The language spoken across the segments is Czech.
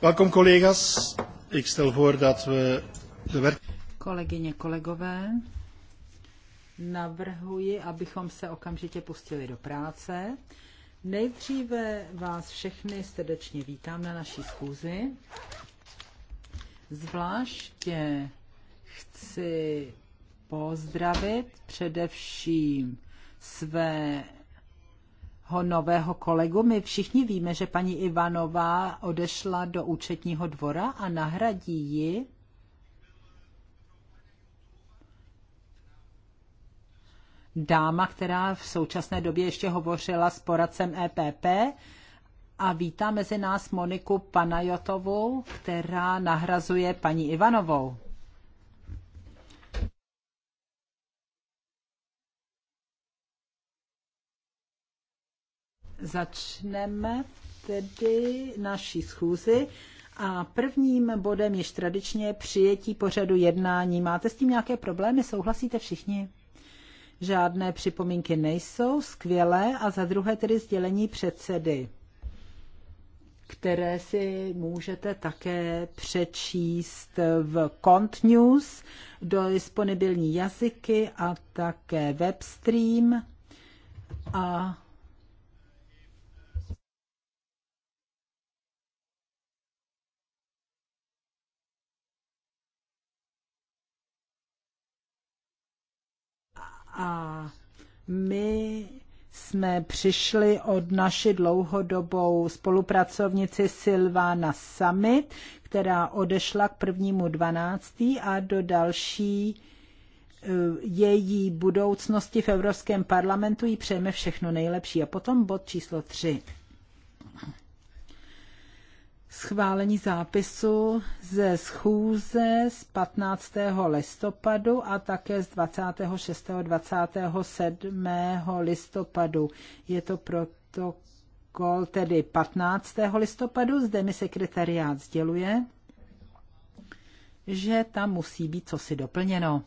Welkom collega's. Ik stel voor dat we de werk... Kolegyně, kolegové, navrhuji, abychom se okamžitě pustili do práce. Nejdříve vás všechny srdečně vítám na naší schůzi. Zvláště chci pozdravit především své ho nového kolegu. My všichni víme, že paní Ivanová odešla do účetního dvora a nahradí ji dáma, která v současné době ještě hovořila s poradcem EPP. A vítá mezi nás Moniku Panajotovou, která nahrazuje paní Ivanovou. Začneme tedy naší schůzi a prvním bodem již tradičně přijetí pořadu jednání. Máte s tím nějaké problémy? Souhlasíte všichni? Žádné připomínky nejsou, skvělé. A za druhé tedy sdělení předsedy, které si můžete také přečíst v Cont News, do disponibilní jazyky a také webstream. A A my jsme přišli od naši dlouhodobou spolupracovnici Silvana Summit, která odešla k prvnímu 12. a do další eh, její budoucnosti v Evropském parlamentu jí přejeme všechno nejlepší. A potom bod číslo 3 schválení zápisu ze schůze z 15. listopadu a také z 26. 27. listopadu. Je to protokol tedy 15. listopadu, zde mi sekretariát sděluje, že tam musí být cosi doplněno.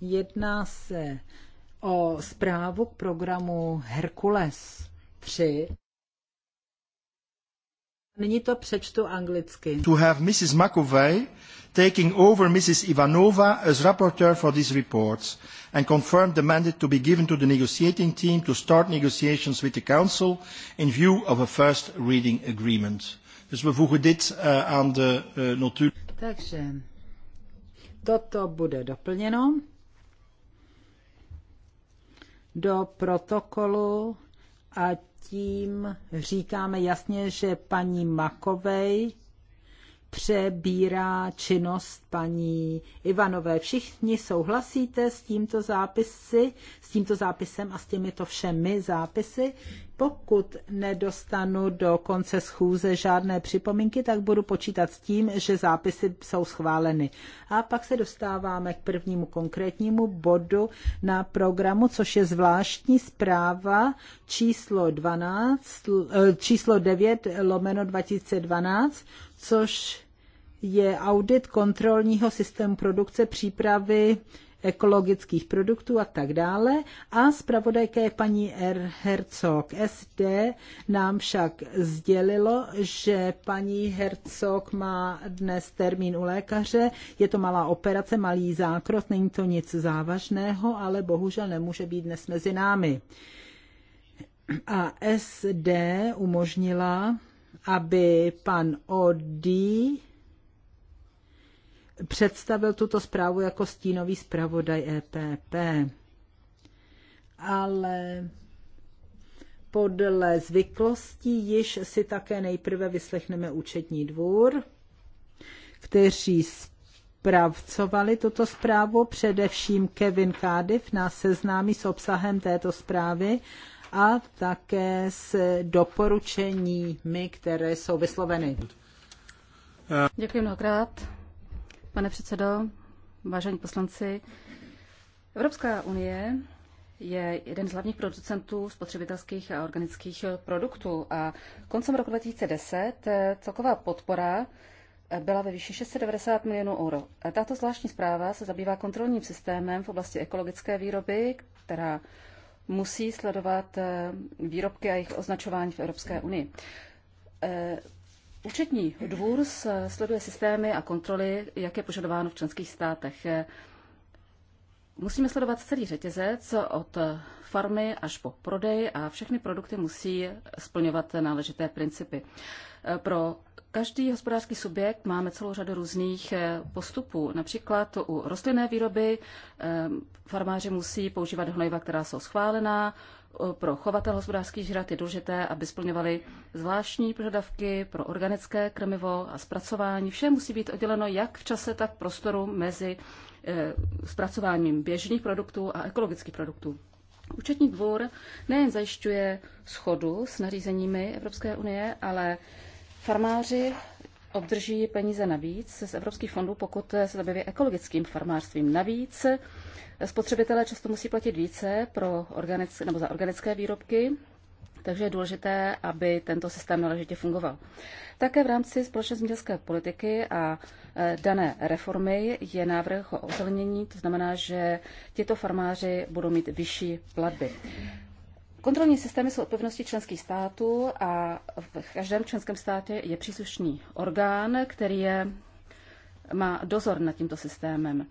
Jedná se o zprávu k programu Herkules 3. Nyní to přečtu anglicky. To have Mrs. McAvey taking over Mrs. Ivanova as rapporteur for these reports and confirm the mandate to be given to the negotiating team to start negotiations with the Council in view of a first reading agreement. Dus we voegen dit uh, aan de uh, notulen. Takže toto bude doplněno do protokolu a tím říkáme jasně, že paní Makovej přebírá činnost paní Ivanové. Všichni souhlasíte s tímto zápisy, s tímto zápisem a s těmito všemi zápisy. Pokud nedostanu do konce schůze žádné připomínky, tak budu počítat s tím, že zápisy jsou schváleny. A pak se dostáváme k prvnímu konkrétnímu bodu na programu, což je zvláštní zpráva číslo, 12, eh, číslo 9 lomeno 2012, což je audit kontrolního systému produkce přípravy ekologických produktů a tak dále. A zpravodajka je paní R. Er Herzog. SD nám však sdělilo, že paní Herzog má dnes termín u lékaře. Je to malá operace, malý zákrok, není to nic závažného, ale bohužel nemůže být dnes mezi námi. A SD umožnila, aby pan Odí představil tuto zprávu jako stínový zpravodaj EPP. Ale podle zvyklostí již si také nejprve vyslechneme účetní dvůr, kteří zpracovali tuto zprávu, především Kevin Cardiff nás seznámí s obsahem této zprávy a také s doporučeními, které jsou vysloveny. Děkuji mnohokrát pane předsedo, vážení poslanci. Evropská unie je jeden z hlavních producentů spotřebitelských a organických produktů a koncem roku 2010 eh, celková podpora eh, byla ve výši 690 milionů euro. Eh, tato zvláštní zpráva se zabývá kontrolním systémem v oblasti ekologické výroby, která musí sledovat výrobky a jejich označování v Evropské unii. Účetní dvůr sleduje systémy a kontroly, jak je požadováno v členských státech. Musíme sledovat celý řetězec od farmy až po prodej a všechny produkty musí splňovat náležité principy. Eh, pro každý hospodářský subjekt máme celou řadu různých eh, postupů. Například u rostlinné výroby eh, farmáři musí používat hnojiva, která jsou schválená. Pro chovatel hospodářských žrat je důležité, aby splňovali zvláštní požadavky pro organické krmivo a zpracování. Vše musí být odděleno jak v čase, tak v prostoru mezi zpracováním běžných produktů a ekologických produktů. Účetní dvůr nejen zajišťuje schodu s nařízeními Evropské unie, ale Farmáři obdrží peníze navíc z evropských fondů, pokud se zabývají ekologickým farmářstvím. Navíc spotřebitelé často musí platit více pro organické, nebo za organické výrobky, takže je důležité, aby tento systém náležitě fungoval. Také v rámci společné zemědělské politiky a e, dané reformy je návrh o ozelenění, to znamená, že tito farmáři budou mít vyšší platby. Kontrolní systémy jsou odpovědnosti členských států a v každém členském státě je příslušný orgán, který je, má dozor nad tímto systémem.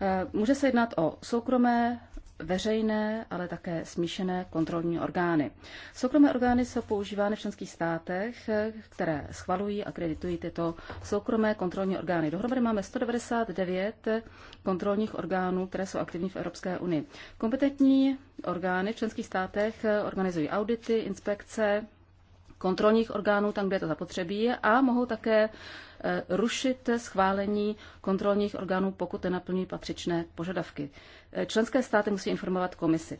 Eh, může se jednat o soukromé veřejné, ale také smíšené kontrolní orgány. Soukromé orgány jsou používány v členských státech, které schvalují a kreditují tyto soukromé kontrolní orgány. Dohromady máme 199 kontrolních orgánů, které jsou aktivní v Evropské unii. Kompetentní orgány v členských státech organizují audity, inspekce, kontrolních orgánů tam, kde je to zapotřebí a mohou také Eh, rušit schválení kontrolních orgánů, pokud nenaplňují patřičné požadavky. Eh, členské státy musí informovat komisi.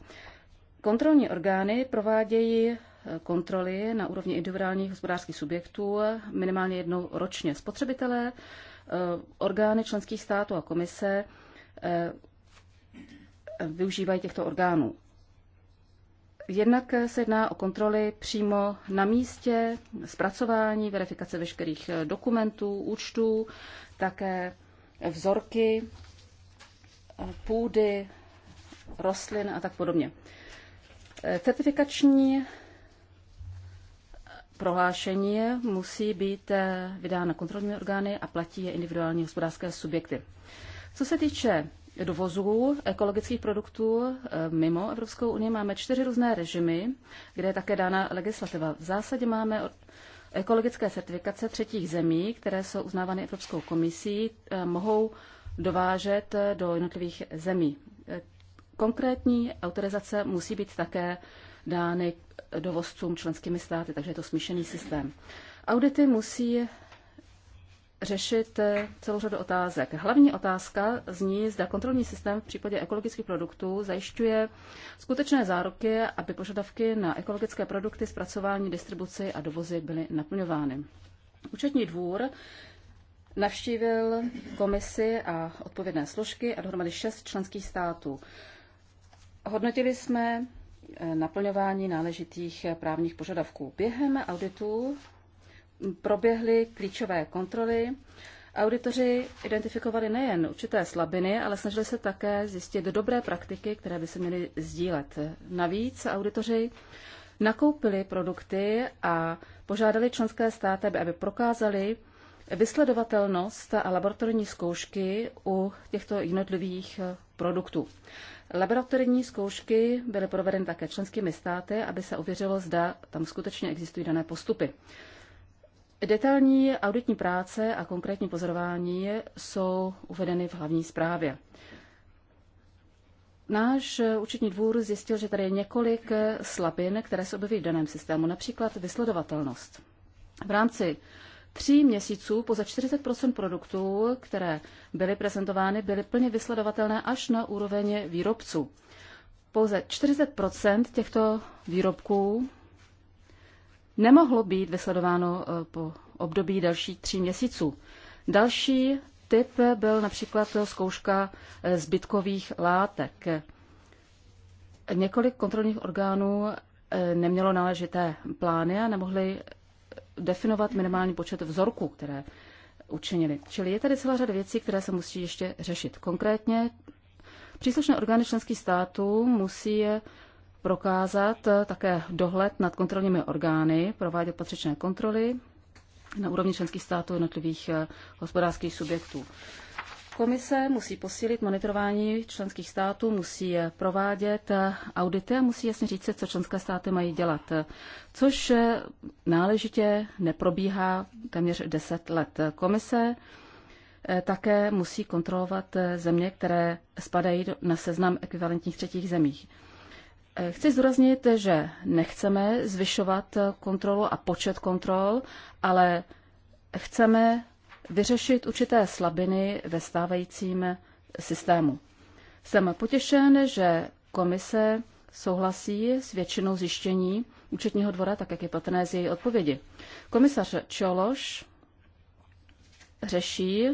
Kontrolní orgány provádějí eh, kontroly na úrovni individuálních hospodářských subjektů minimálně jednou ročně. Spotřebitelé, orgány členských států a komise využívají těchto orgánů. Jednak se jedná o kontroly přímo na místě, zpracování, verifikace veškerých eh, dokumentů, účtů, také vzorky eh, půdy, rostlin a tak podobně. Eh, certifikační prohlášení musí být vydáno kontrolními orgány a platí je individuální hospodářské subjekty. Co se týče Dovozu ekologických produktů eh, mimo Evropskou unii máme čtyři různé režimy, kde je také dána legislativa. V zásadě máme ekologické certifikace třetích zemí, které jsou uznávány Evropskou komisí, eh, mohou dovážet eh, do jednotlivých zemí. Konkrétní autorizace musí být také dány dovozcům členskými státy, takže je to smíšený systém. Audity musí řešit eh, celou řadu otázek. Hlavní otázka zní, zda kontrolní systém v případě ekologických produktů zajišťuje skutečné záruky, aby požadavky na ekologické produkty, zpracování, distribuci a dovozy byly naplňovány. Účetní dvůr navštívil komisi a odpovědné složky a dohromady šest členských států. Hodnotili jsme eh, naplňování náležitých eh, právních požadavků. Během auditu proběhly klíčové kontroly. Auditoři identifikovali nejen určité slabiny, ale snažili se také zjistit dobré praktiky, které by se měly sdílet. Navíc auditoři nakoupili produkty a požádali členské státy, aby prokázali vysledovatelnost a laboratorní zkoušky u těchto jednotlivých produktů. Laboratorní zkoušky byly provedeny také členskými státy, aby se ověřilo, zda tam skutečně existují dané postupy. Detailní auditní práce a konkrétní pozorování jsou uvedeny v hlavní zprávě. Náš účetní dvůr zjistil, že tady je několik slabin, které se objeví v daném systému, například vysledovatelnost. V rámci tří měsíců pouze 40 produktů, které byly prezentovány, byly plně vysledovatelné až na úroveň výrobců. Pouze 40 těchto výrobků nemohlo být vysledováno eh, po období dalších tří měsíců. Další typ byl například zkouška eh, zbytkových látek. Několik kontrolních orgánů eh, nemělo náležité plány a nemohli definovat minimální počet vzorků, které učinili. Čili je tady celá řada věcí, které se musí ještě řešit. Konkrétně příslušné orgány členských států musí prokázat také dohled nad kontrolními orgány, provádět patřičné kontroly na úrovni členských států jednotlivých eh, hospodářských subjektů. Komise musí posílit monitorování členských států, musí provádět eh, audity a musí jasně říct, co členské státy mají dělat, eh, což náležitě neprobíhá téměř 10 let. Komise také musí kontrolovat země, které spadají na seznam ekvivalentních třetích zemích. Eh, chci zdůraznit, že nechceme zvyšovat kontrolu a počet kontrol, ale chceme vyřešit určité slabiny ve stávajícím systému. Jsem potěšen, že komise souhlasí s většinou zjištění účetního dvora, tak jak je patrné z její odpovědi. Komisař Čološ řeší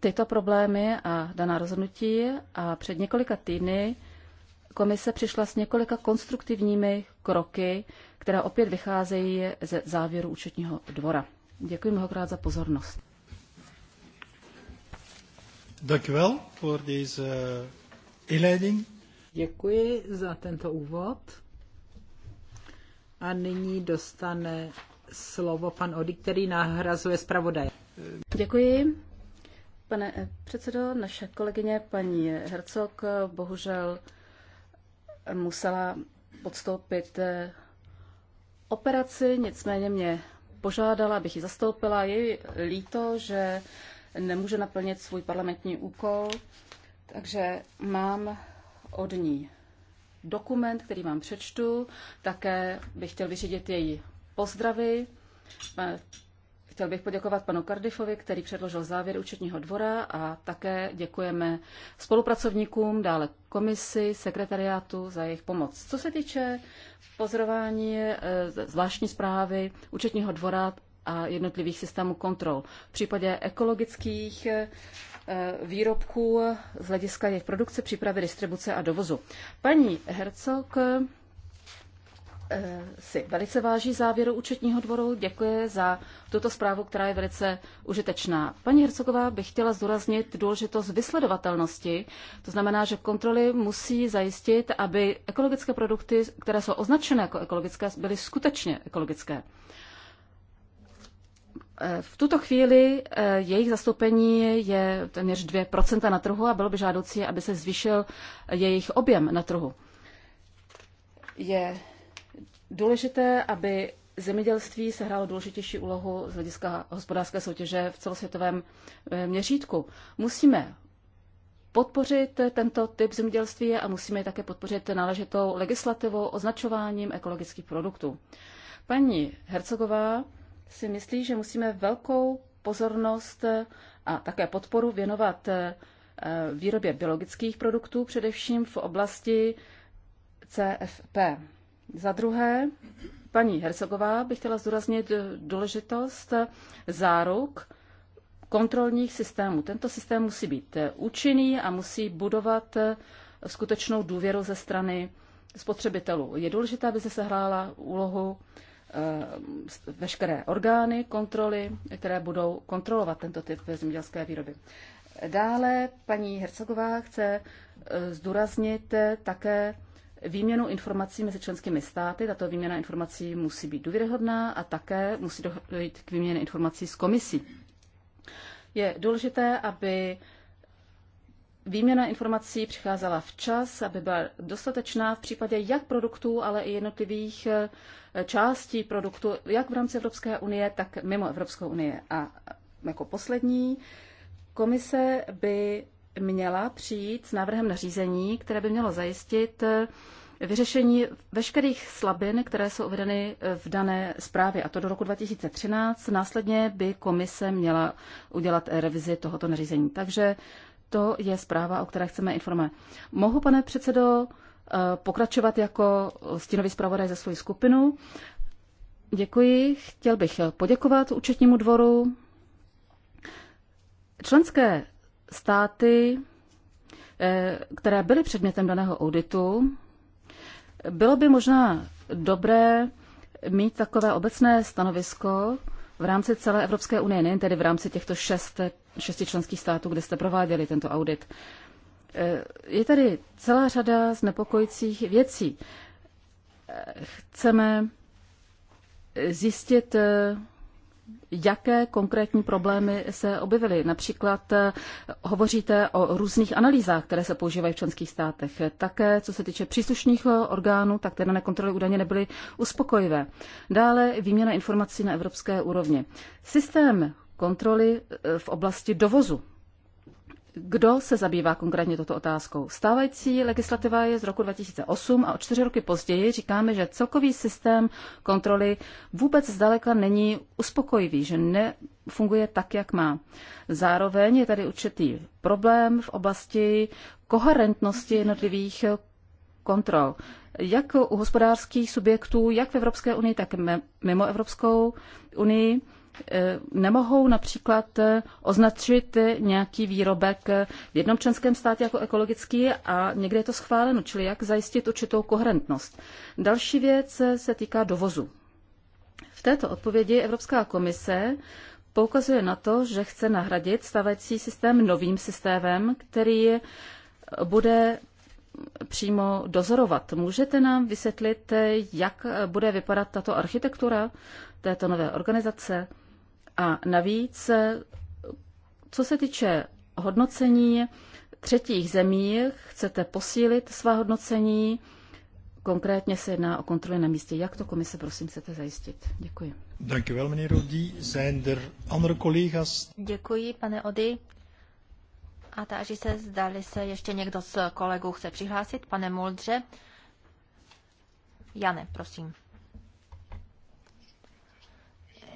tyto problémy a daná rozhodnutí a před několika týdny Komise přišla s několika konstruktivními kroky, které opět vycházejí ze závěru účetního dvora. Děkuji mnohokrát za pozornost. Eh, Děkuji za tento úvod. A nyní dostane slovo pan Odi, který nahrazuje zpravodaje. Děkuji. Pane eh, předsedo, naše kolegyně paní Hercog eh, bohužel musela podstoupit eh, operaci, nicméně mě požádala, abych ji zastoupila. Je líto, že nemůže naplnit svůj parlamentní úkol, takže mám od ní dokument, který vám přečtu. Také bych chtěl vyřídit její pozdravy eh, Chtěl bych poděkovat panu Cardiffovi, který předložil závěr účetního dvora a také děkujeme spolupracovníkům, dále komisi, sekretariátu za jejich pomoc. Co se týče pozorování eh, zvláštní zprávy účetního dvora a jednotlivých systémů kontrol. V případě ekologických eh, výrobků z hlediska jejich produkce, přípravy, distribuce a dovozu. Paní Hercok Eh, si velice váží závěru účetního dvoru. Děkuji za tuto zprávu, která je velice užitečná. Paní Hercogová bych chtěla zdůraznit důležitost vysledovatelnosti. To znamená, že kontroly musí zajistit, aby ekologické produkty, které jsou označené jako ekologické, byly skutečně ekologické. Eh, v tuto chvíli eh, jejich zastoupení je téměř 2% na trhu a bylo by žádoucí, aby se zvýšil jejich objem na trhu. Je důležité, aby zemědělství sehrálo důležitější úlohu z hlediska hospodářské soutěže v celosvětovém eh, měřítku. Musíme podpořit tento typ zemědělství a musíme také podpořit náležitou legislativou, označováním ekologických produktů. Paní Hercogová si myslí, že musíme velkou pozornost a také podporu věnovat eh, výrobě biologických produktů, především v oblasti CFP. Za druhé, paní Hercegová bych chtěla zdůraznit eh, důležitost záruk kontrolních systémů. Tento systém musí být eh, účinný a musí budovat eh, skutečnou důvěru ze strany spotřebitelů. Je důležité, aby se sehrála úlohu veškeré orgány kontroly, které budou kontrolovat tento typ zemědělské výroby. Dále paní Hercegová chce zdůraznit také výměnu informací mezi členskými státy. Tato výměna informací musí být důvěryhodná a také musí dojít k výměně informací s komisí. Je důležité, aby výměna informací přicházela včas, aby byla dostatečná v případě jak produktů, ale i jednotlivých eh, částí produktu, jak v rámci Evropské unie, tak mimo Evropskou unie. A jako poslední, komise by měla přijít s návrhem nařízení, které by mělo zajistit eh, vyřešení veškerých slabin, které jsou uvedeny eh, v dané zprávě, a to do roku 2013. Následně by komise měla udělat eh, revizi tohoto nařízení. Takže to je zpráva, o které chceme informovat. Mohu, pane předsedo, pokračovat jako stínový zpravodaj za svoji skupinu. Děkuji. Chtěl bych poděkovat účetnímu dvoru. Členské státy, eh, které byly předmětem daného auditu, bylo by možná dobré mít takové obecné stanovisko v rámci celé Evropské unie, nejen tedy v rámci těchto šest, šesti členských států, kde jste prováděli tento audit. Eh, je tady celá řada znepokojících věcí. Eh, chceme zjistit, jaké konkrétní problémy se objevily. Například eh, hovoříte o různých analýzách, které se používají v členských státech. Také, co se týče příslušných eh, orgánů, tak ty dané kontroly údajně nebyly uspokojivé. Dále výměna informací na evropské úrovni. Systém kontroly eh, v oblasti dovozu kdo se zabývá konkrétně toto otázkou? Stávající legislativa je z roku 2008 a o čtyři roky později říkáme, že celkový systém kontroly vůbec zdaleka není uspokojivý, že nefunguje tak, jak má. Zároveň je tady určitý problém v oblasti koherentnosti jednotlivých kontrol. Jak u hospodářských subjektů, jak v Evropské unii, tak mimo Evropskou unii Eh, nemohou například eh, označit eh, nějaký výrobek v jednom členském státě jako ekologický a někde je to schváleno, čili jak zajistit určitou koherentnost. Další věc se týká dovozu. V této odpovědi Evropská komise poukazuje na to, že chce nahradit stávající systém novým systémem, který bude přímo dozorovat. Můžete nám vysvětlit, jak bude vypadat tato architektura této nové organizace? A navíc, co se týče hodnocení třetích zemí, chcete posílit svá hodnocení, Konkrétně se jedná o kontroly na místě. Jak to komise, prosím, chcete zajistit? Děkuji. Dankjewel, meneer Odi. Zijn er andere Děkuji, pane Ody. A táži se, zdali se ještě někdo z kolegů chce přihlásit. Pane Muldře. Jane, prosím.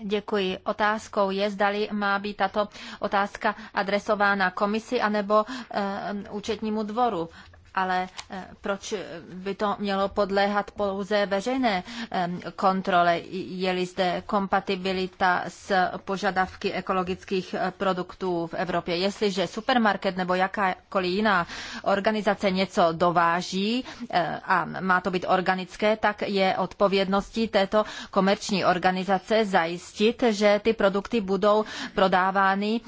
Děkuji. Otázkou je, zdali má být tato otázka adresována komisi anebo e, účetnímu dvoru ale eh, proč by to mělo podléhat pouze veřejné ehm, kontrole? Je-li zde kompatibilita s požadavky ekologických eh, produktů v Evropě? Jestliže supermarket nebo jakákoliv jiná organizace něco dováží eh, a má to být organické, tak je odpovědností této komerční organizace zajistit, že ty produkty budou prodávány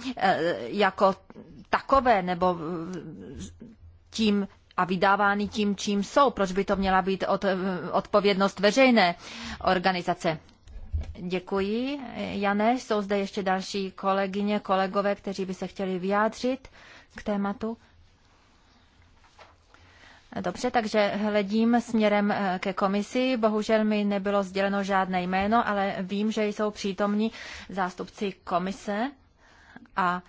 jako takové nebo tím a vydávány tím, čím jsou. Proč by to měla být od, odpovědnost veřejné organizace? Děkuji, Jane. Jsou zde ještě další kolegyně, kolegové, kteří by se chtěli vyjádřit k tématu. Dobře, takže hledím směrem eh, ke komisi. Bohužel mi nebylo sděleno žádné jméno, ale vím, že jsou přítomní zástupci komise a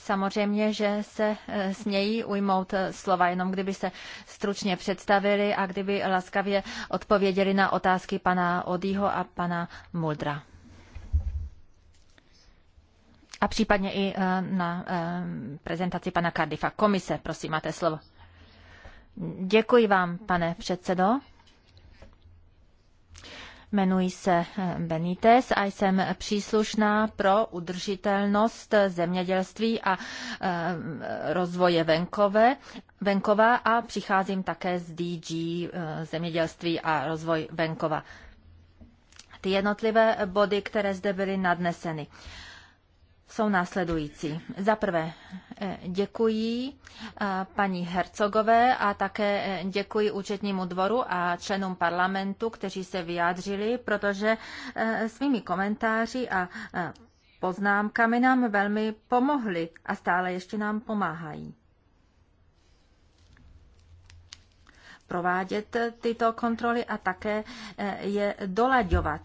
Samozřejmě, že se eh, smějí ujmout eh, slova, jenom kdyby se stručně představili a kdyby laskavě odpověděli na otázky pana Odího a pana Muldra. A případně i eh, na prezentaci pana Cardiffa. Komise, prosím, máte slovo. Děkuji vám, pane předsedo. Jmenuji se eh, Benitez a jsem příslušná pro udržitelnost zemědělství a eh, rozvoje venkové, venkova a přicházím také z DG eh, zemědělství a rozvoj venkova. Ty jednotlivé body, které zde byly nadneseny jsou následující. Za prvé eh, děkuji eh, paní Hercogové a také eh, děkuji účetnímu dvoru a členům parlamentu, kteří se vyjádřili, protože svými komentáři a poznámkami nám velmi pomohli a stále ještě nám pomáhají. Provádět tyto kontroly a také je dolaďovat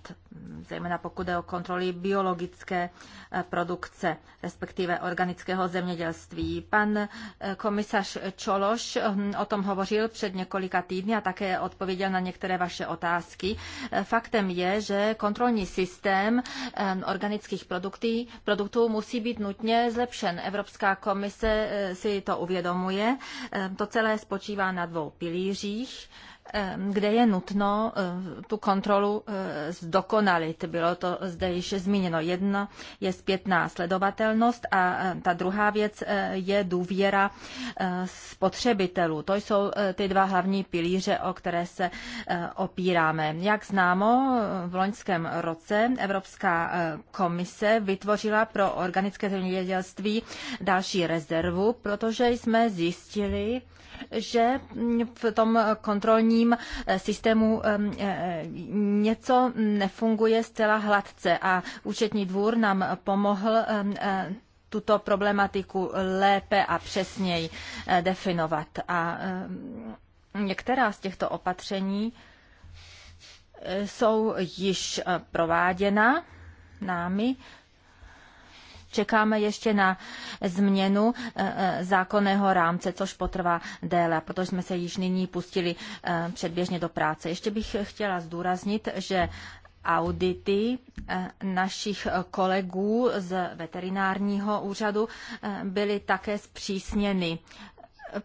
zejména pokud je o kontroly biologické eh, produkce, respektive organického zemědělství. Pan eh, komisař Čološ hm, o tom hovořil před několika týdny a také odpověděl na některé vaše otázky. Eh, faktem je, že kontrolní systém ehm, organických produktů, produktů musí být nutně zlepšen. Evropská komise si to uvědomuje. Ehm, to celé spočívá na dvou pilířích kde je nutno eh, tu kontrolu eh, zdokonalit. Bylo to zde již zmíněno. Jedno je zpětná sledovatelnost a eh, ta druhá věc je důvěra spotřebitelů. To jsou ty dva hlavní pilíře, o které se opíráme. Jak známo, v loňském roce Evropská komise vytvořila pro organické zemědělství další rezervu, protože jsme zjistili, že v tom kontrolním eh, systému eh, eh, něco nefunguje zcela hladce a účetní dvůr nám pomohl tuto problematiku lépe a přesněji definovat. A některá z těchto opatření jsou již prováděna námi čekáme ještě na změnu eh, eh, zákonného rámce, což potrvá déle, protože jsme se již nyní pustili eh, předběžně do práce. Ještě bych chtěla zdůraznit, že audity našich kolegů z veterinárního úřadu byly také zpřísněny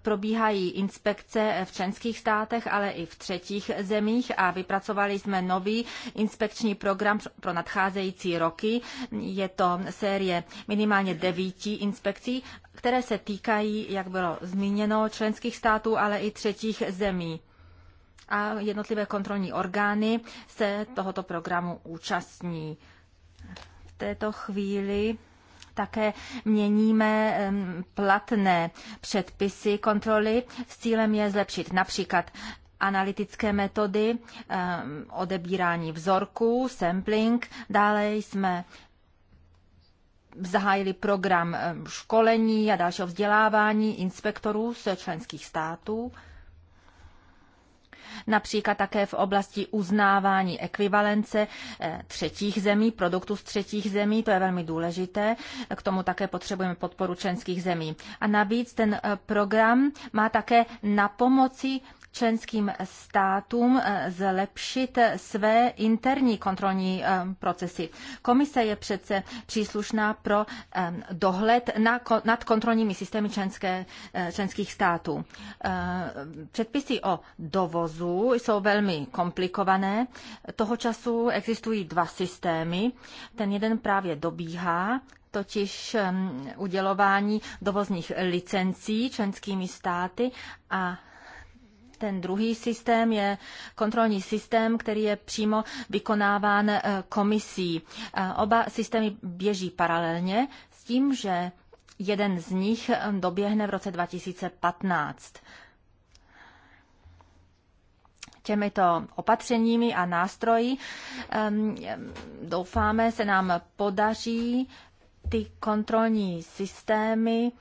probíhají inspekce v členských státech, ale i v třetích zemích a vypracovali jsme nový inspekční program pro nadcházející roky. Je to série minimálně devíti inspekcí, které se týkají, jak bylo zmíněno, členských států, ale i třetích zemí. A jednotlivé kontrolní orgány se tohoto programu účastní. V této chvíli také měníme platné předpisy kontroly s cílem je zlepšit například analytické metody, odebírání vzorků, sampling. Dále jsme zahájili program školení a dalšího vzdělávání inspektorů z členských států například také v oblasti uznávání ekvivalence eh, třetích zemí, produktů z třetích zemí, to je velmi důležité, k tomu také potřebujeme podporu členských zemí. A navíc ten eh, program má také na pomoci členským státům eh, zlepšit eh, své interní kontrolní eh, procesy. Komise je přece příslušná pro dohled nad kontrolními systémy členské, členských států. Předpisy o dovozu jsou velmi komplikované. Toho času existují dva systémy. Ten jeden právě dobíhá, totiž udělování dovozních licencí členskými státy a ten druhý systém je kontrolní systém, který je přímo vykonáván eh, komisí. Eh, oba systémy běží paralelně s tím, že jeden z nich eh, doběhne v roce 2015. Těmito opatřeními a nástroji ehm, doufáme se nám podaří ty kontrolní systémy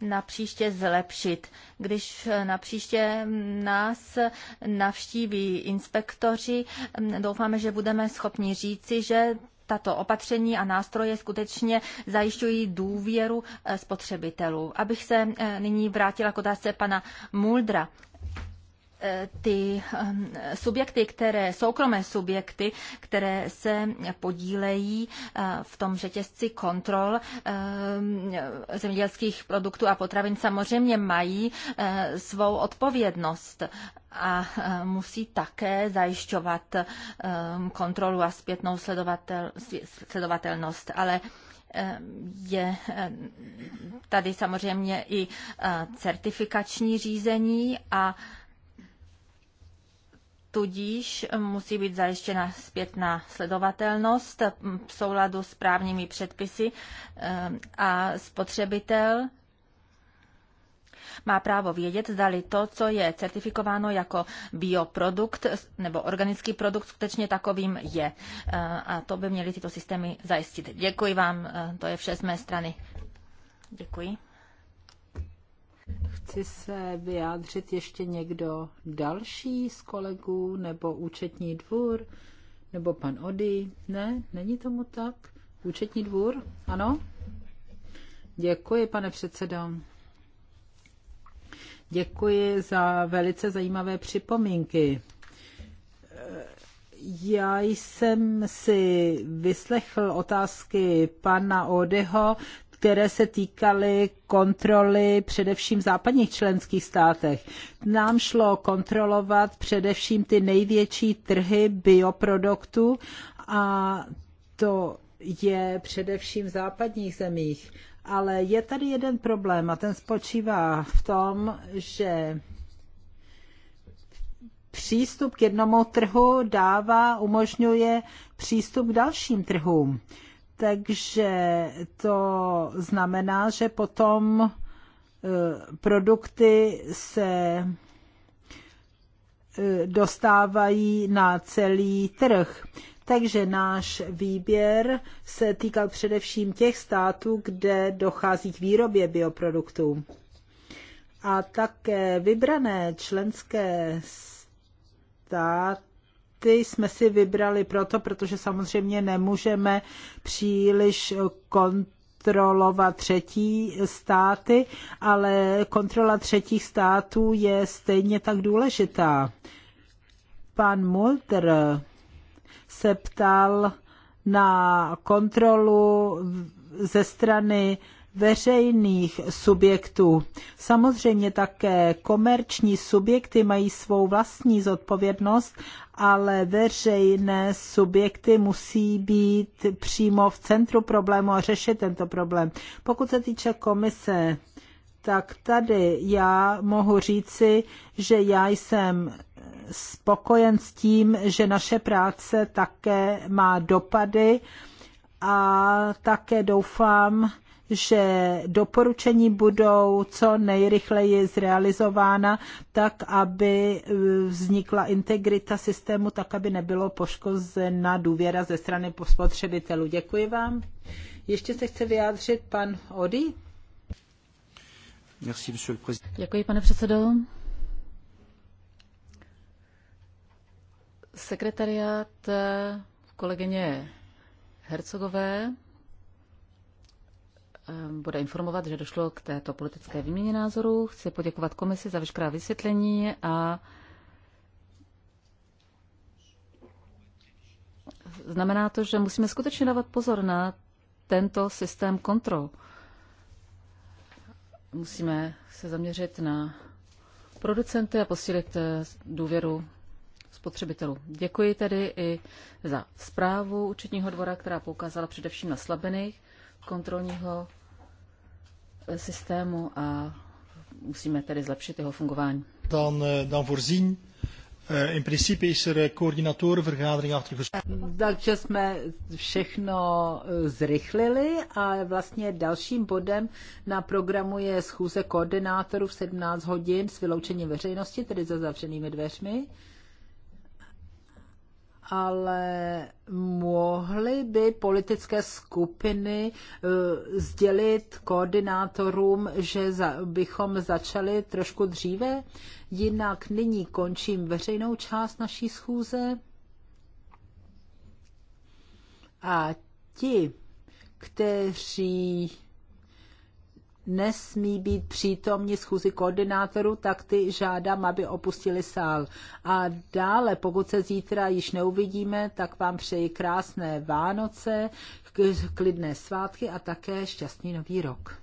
na příště zlepšit. Když na příště nás navštíví inspektoři, mm, doufáme, že budeme schopni říci, že tato opatření a nástroje skutečně zajišťují důvěru eh, spotřebitelů. Abych se eh, nyní vrátila k otázce pana Muldra ty ehm, subjekty, které, soukromé subjekty, které se podílejí eh, v tom řetězci kontrol ehm, zemědělských produktů a potravin, samozřejmě mají eh, svou odpovědnost a eh, musí také zajišťovat ehm, kontrolu a zpětnou sledovatel, sledovatelnost. Ale je tady samozřejmě i certifikační řízení a Tudíž musí být zajištěna zpětná sledovatelnost v souladu s právními předpisy eh, a spotřebitel má právo vědět, zdali to, co je certifikováno jako bioprodukt nebo organický produkt, skutečně takovým je. Eh, a to by měly tyto systémy zajistit. Děkuji vám, eh, to je vše z mé strany. Děkuji. Chci se vyjádřit ještě někdo další z kolegů, nebo účetní dvůr, nebo pan Ody. Ne, není tomu tak? Účetní dvůr? Ano? Děkuji, pane předsedo. Děkuji za velice zajímavé připomínky. Já jsem si vyslechl otázky pana Odeho, které se týkaly kontroly především v západních členských státech. Nám šlo kontrolovat především ty největší trhy bioproduktů a to je především v západních zemích. Ale je tady jeden problém a ten spočívá v tom, že přístup k jednomu trhu dává, umožňuje přístup k dalším trhům takže to znamená, že potom e, produkty se e, dostávají na celý trh. Takže náš výběr se týkal především těch států, kde dochází k výrobě bioproduktů. A také vybrané členské státy ty jsme si vybrali proto, protože samozřejmě nemůžeme příliš kontrolovat třetí státy, ale kontrola třetích států je stejně tak důležitá. Pan Mulder se ptal na kontrolu ze strany veřejných subjektů. Samozřejmě také komerční subjekty mají svou vlastní zodpovědnost, ale veřejné subjekty musí být přímo v centru problému a řešit tento problém. Pokud se týče komise, tak tady já mohu říci, že já jsem spokojen s tím, že naše práce také má dopady a také doufám, že doporučení budou co nejrychleji zrealizována, tak aby eh, vznikla integrita systému, tak aby nebylo poškozena důvěra ze strany spotřebitelů. Děkuji vám. Ještě se chce vyjádřit pan Odi. Děkuji, pane předsedo. Sekretariát eh, kolegyně Hercogové Ehm, bude informovat, že došlo k této politické výměně názorů. Chci poděkovat komisi za veškerá vysvětlení a znamená to, že musíme skutečně dávat pozor na tento systém kontrol. Musíme se zaměřit na producenty a posílit eh, důvěru spotřebitelů. Děkuji tedy i za zprávu účetního dvora, která poukázala především na slabiny kontrolního systému a musíme tedy zlepšit jeho fungování. Dan, eh, dan voorzien. Eh, in principe is er eh, coördinatorenvergadering achter Takže jsme všechno zrychlili a vlastně dalším bodem na programu je schůze koordinátorů v 17 hodin s vyloučením veřejnosti, tedy za zavřenými dveřmi ale mohly by politické skupiny eh, sdělit koordinátorům, že za, bychom začali trošku dříve? Jinak nyní končím veřejnou část naší schůze. A ti, kteří nesmí být přítomni schůzi koordinátorů, tak ty žádám, aby opustili sál. A dále, pokud se zítra již neuvidíme, tak vám přeji krásné Vánoce, klidné svátky a také šťastný nový rok.